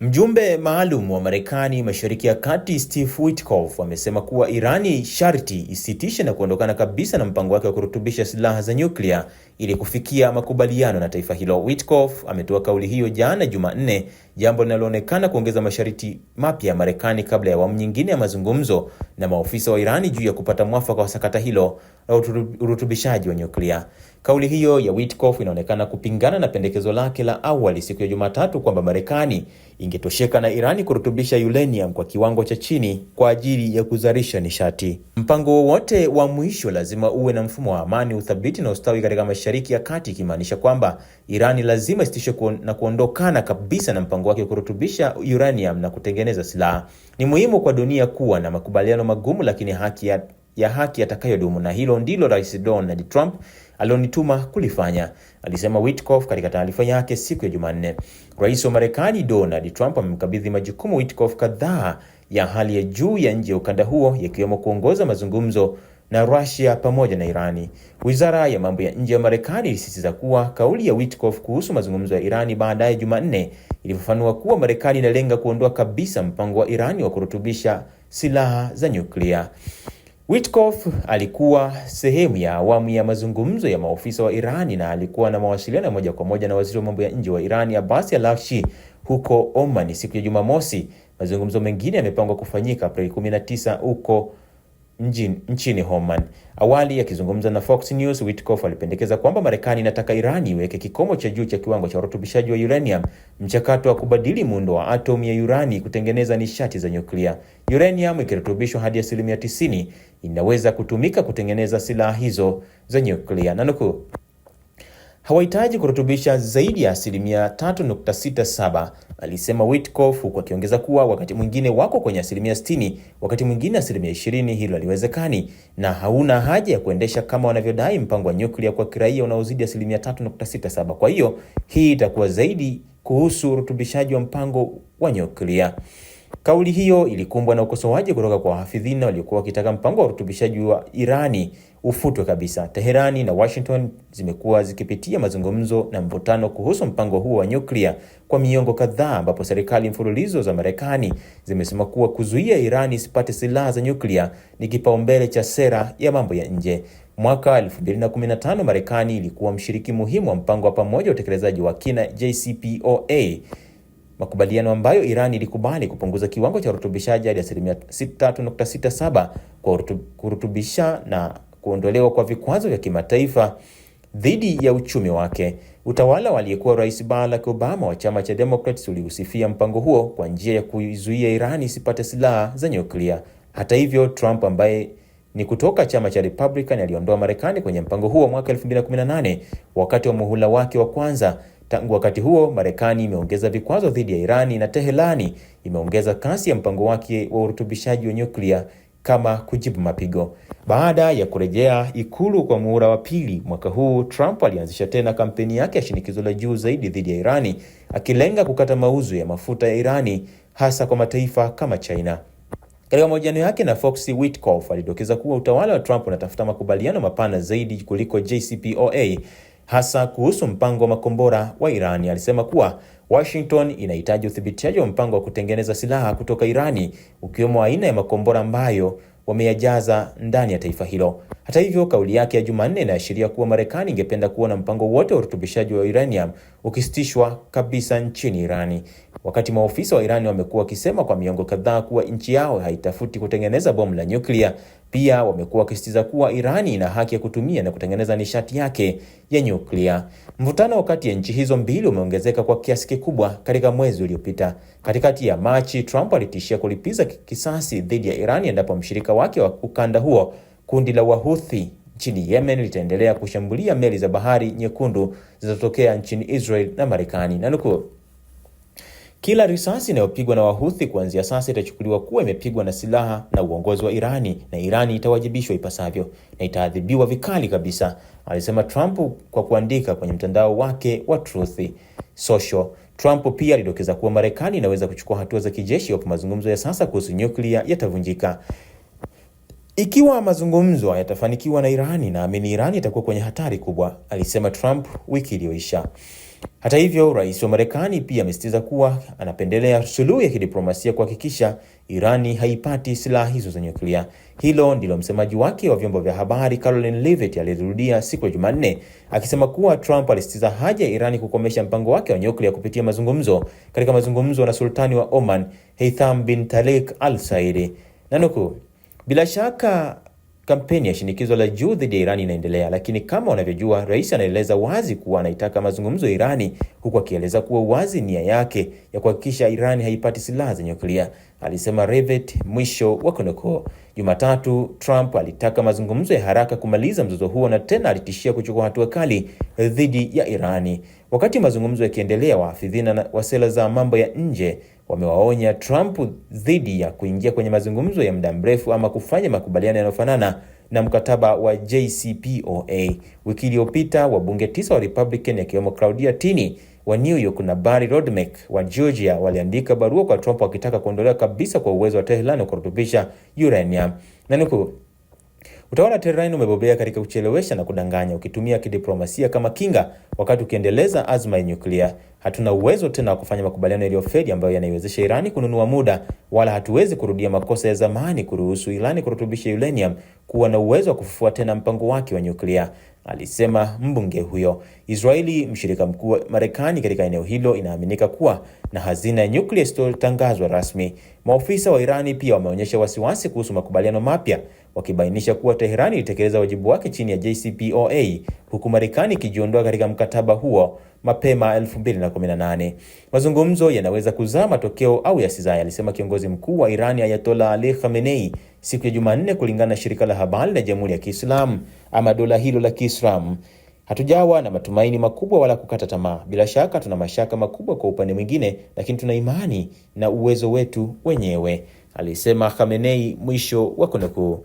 Mjumbe maalum wa Marekani Mashariki ya Kati, Steve Witkoff, amesema kuwa Irani sharti isitishe na kuondokana kabisa na mpango wake wa kurutubisha silaha za nyuklia ili kufikia makubaliano na taifa hilo. Witkoff ametoa kauli hiyo jana Jumanne, jambo linaloonekana kuongeza masharti mapya ya Marekani kabla ya awamu nyingine ya mazungumzo na maofisa wa Irani juu ya kupata mwafaka wa sakata hilo la urutubishaji wa nyuklia. Kauli hiyo ya Witkoff inaonekana kupingana na pendekezo lake la awali siku ya Jumatatu kwamba Marekani ingetosheka na Irani kurutubisha uranium kwa kiwango cha chini kwa ajili ya kuzalisha nishati. Mpango wowote wa mwisho lazima uwe na mfumo wa amani, uthabiti na ustawi katika maisha Mashariki ya Kati, ikimaanisha kwamba Irani lazima isitishe kuon, na kuondokana kabisa na mpango wake wa kurutubisha uranium na kutengeneza silaha. Ni muhimu kwa dunia kuwa na makubaliano magumu lakini haki ya, ya haki yatakayodumu, na hilo ndilo Rais Donald Trump alionituma kulifanya, alisema Witkoff katika taarifa yake siku ya Jumanne. Rais wa Marekani Donald Trump amemkabidhi majukumu Witkoff kadhaa ya hali ya juu ya nje ya ukanda huo yakiwemo kuongoza mazungumzo na Russia pamoja na Irani. Wizara ya mambo ya nje ya Marekani ilisisitiza kuwa kauli ya Witkoff kuhusu mazungumzo ya Irani baadaye Jumanne ilifafanua kuwa Marekani inalenga kuondoa kabisa mpango wa Irani wa kurutubisha silaha za nyuklia. Witkoff alikuwa sehemu ya awamu ya mazungumzo ya maofisa wa Irani na alikuwa na mawasiliano moja kwa moja na waziri wa mambo ya nje wa Irani Abbas Araghchi huko Oman siku ya Jumamosi Mazungumzo mengine yamepangwa kufanyika Aprili 19 huko nchini Oman. Awali akizungumza na Fox News, Witkoff alipendekeza kwamba Marekani inataka iran iweke kikomo cha juu cha kiwango cha urutubishaji wa uranium, mchakato wa kubadili muundo wa atom ya urani kutengeneza nishati za nyuklia. Uranium ikirutubishwa hadi asilimia 90 inaweza kutumika kutengeneza silaha hizo za nyuklia. Nanukuu, hawahitaji kurutubisha zaidi ya asilimia 3.67, alisema Witkoff, huku akiongeza kuwa wakati mwingine wako kwenye asilimia 60, wakati mwingine asilimia 20. Hilo haliwezekani na hauna haja ya kuendesha kama wanavyodai mpango wa nyuklia kwa kiraia unaozidi asilimia 3.67. Kwa hiyo hii itakuwa zaidi kuhusu urutubishaji wa mpango wa nyuklia. Kauli hiyo ilikumbwa na ukosoaji kutoka kwa wahafidhina waliokuwa wakitaka mpango wa urutubishaji wa Irani ufutwe kabisa. Teherani na Washington zimekuwa zikipitia mazungumzo na mvutano kuhusu mpango huo wa nyuklia kwa miongo kadhaa, ambapo serikali mfululizo za Marekani zimesema kuwa kuzuia Irani isipate silaha za nyuklia ni kipaumbele cha sera ya mambo ya nje. Mwaka 2015 Marekani ilikuwa mshiriki muhimu wa mpango wa pamoja wa utekelezaji wa kina JCPOA makubaliano ambayo Iran ilikubali kupunguza kiwango cha urutubishaji hadi asilimia 3.67 kwa kurutubisha na kuondolewa kwa vikwazo vya kimataifa dhidi ya uchumi wake. Utawala wa aliyekuwa rais Barack Obama wa chama cha Democrats uliusifia mpango huo kwa njia ya kuizuia Iran isipate silaha za nyuklia. Hata hivyo, Trump ambaye ni kutoka chama cha Republican aliondoa Marekani kwenye mpango huo mwaka 2018 wakati wa muhula wake wa kwanza Tangu wakati huo, Marekani imeongeza vikwazo dhidi ya Irani na Teherani imeongeza kasi ya mpango wake wa urutubishaji wa nyuklia kama kujibu mapigo. Baada ya kurejea ikulu kwa muhula wa pili mwaka huu, Trump alianzisha tena kampeni yake ya shinikizo la juu zaidi dhidi ya Irani, akilenga kukata mauzo ya mafuta ya Irani hasa kwa mataifa kama China. Katika mahojiano yake na Fox, Witkoff alidokeza kuwa utawala wa Trump unatafuta makubaliano mapana zaidi kuliko JCPOA hasa kuhusu mpango wa makombora wa Iran. Alisema kuwa Washington inahitaji uthibitishaji wa mpango wa kutengeneza silaha kutoka Irani, ukiwemo aina ya makombora ambayo wameyajaza ndani ya taifa hilo. Hata hivyo, kauli yake ya Jumanne inaashiria kuwa Marekani ingependa kuona mpango wote wa urutubishaji wa uranium ukisitishwa kabisa nchini Irani. Wakati maofisa wa Irani wamekuwa wakisema kwa miongo kadhaa kuwa nchi yao haitafuti kutengeneza bomu la nyuklia, pia wamekuwa wakisisitiza kuwa Irani ina haki ya kutumia na kutengeneza nishati yake ya nyuklia. Mvutano kati ya nchi hizo mbili umeongezeka kwa kiasi kikubwa katika mwezi uliopita. Katikati ya Machi, Trump alitishia kulipiza kisasi dhidi ya Irani endapo mshirika wake wa ukanda huo, kundi la Wahuthi nchini Yemen litaendelea kushambulia meli za Bahari Nyekundu zinazotokea nchini Israel na Marekani. Nanukuu, kila risasi inayopigwa na Wahuthi kuanzia sasa itachukuliwa kuwa imepigwa na silaha na uongozi wa Irani na Irani itawajibishwa ipasavyo na itaadhibiwa vikali kabisa, alisema Trump kwa kuandika kwenye mtandao wake wa Truth Social. Trump pia alidokeza kuwa Marekani inaweza kuchukua hatua za kijeshi iwapo mazungumzo ya sasa kuhusu nyuklia yatavunjika. Ikiwa mazungumzo yatafanikiwa na Irani, naamini Irani itakuwa kwenye hatari kubwa, alisema Trump wiki iliyoisha. Hata hivyo, rais wa Marekani pia amesisitiza kuwa anapendelea suluhu ya kidiplomasia kuhakikisha Irani haipati silaha hizo za nyuklia. Hilo ndilo msemaji wake wa vyombo vya habari Caroline Leavitt alirudia siku ya Jumanne akisema kuwa Trump alisisitiza haja ya Irani kukomesha mpango wake wa nyuklia kupitia mazungumzo, katika mazungumzo na sultani wa Oman Heitham bin Tariq Al Saidi. Nanuku, bila shaka Kampeni ya shinikizo la juu dhidi ya Irani inaendelea, lakini kama unavyojua, rais anaeleza wazi kuwa anaitaka mazungumzo ya Irani, huku akieleza kuwa wazi nia yake ya kuhakikisha Irani haipati silaha za nyuklia, alisema Revet. Mwisho wa kunukuu. Jumatatu, Trump alitaka mazungumzo ya haraka kumaliza mzozo huo na tena alitishia kuchukua hatua kali dhidi ya Irani. Wakati mazungumzo yakiendelea, waafidhina wa sera za mambo ya nje wamewaonya Trump dhidi ya kuingia kwenye mazungumzo ya muda mrefu ama kufanya makubaliano yanayofanana na mkataba wa JCPOA. Wiki iliyopita wabunge tisa wa Republican yakiwemo Claudia Tini wa New York na Barry Rodmek wa Georgia waliandika barua kwa Trump wakitaka kuondolewa kabisa kwa uwezo wa Tehran wa kurutubisha uranium. Na nuku Utawala Tehran umebobea katika kuchelewesha na kudanganya, ukitumia kidiplomasia kama kinga wakati ukiendeleza azma ya nyuklia. Hatuna uwezo tena wa kufanya makubaliano yaliyofeli ambayo yanaiwezesha Irani kununua muda, wala hatuwezi kurudia makosa ya zamani kuruhusu Irani kurutubisha uranium kuwa na uwezo wa kufufua tena mpango wake wa nyuklia, alisema mbunge huyo. Israeli, mshirika mkuu wa Marekani katika eneo hilo, inaaminika kuwa na hazina ya nyuklia isiyotangazwa rasmi. Maofisa wa Irani pia wameonyesha wasiwasi kuhusu makubaliano mapya wakibainisha kuwa Teherani ilitekeleza wajibu wake chini ya JCPOA huku Marekani ikijiondoa katika mkataba huo mapema 2018. Mazungumzo yanaweza kuzaa matokeo au yasizae, alisema kiongozi mkuu wa Irani Ayatollah Ali Khamenei siku ya Jumanne, kulingana na shirika la habari la Jamhuri ya Kiislamu ama dola hilo la Kiislamu. Hatujawa na matumaini makubwa wala kukata tamaa. Bila shaka tuna mashaka makubwa kwa upande mwingine, lakini tuna imani na uwezo wetu wenyewe, alisema Khamenei, mwisho wa kunukuu.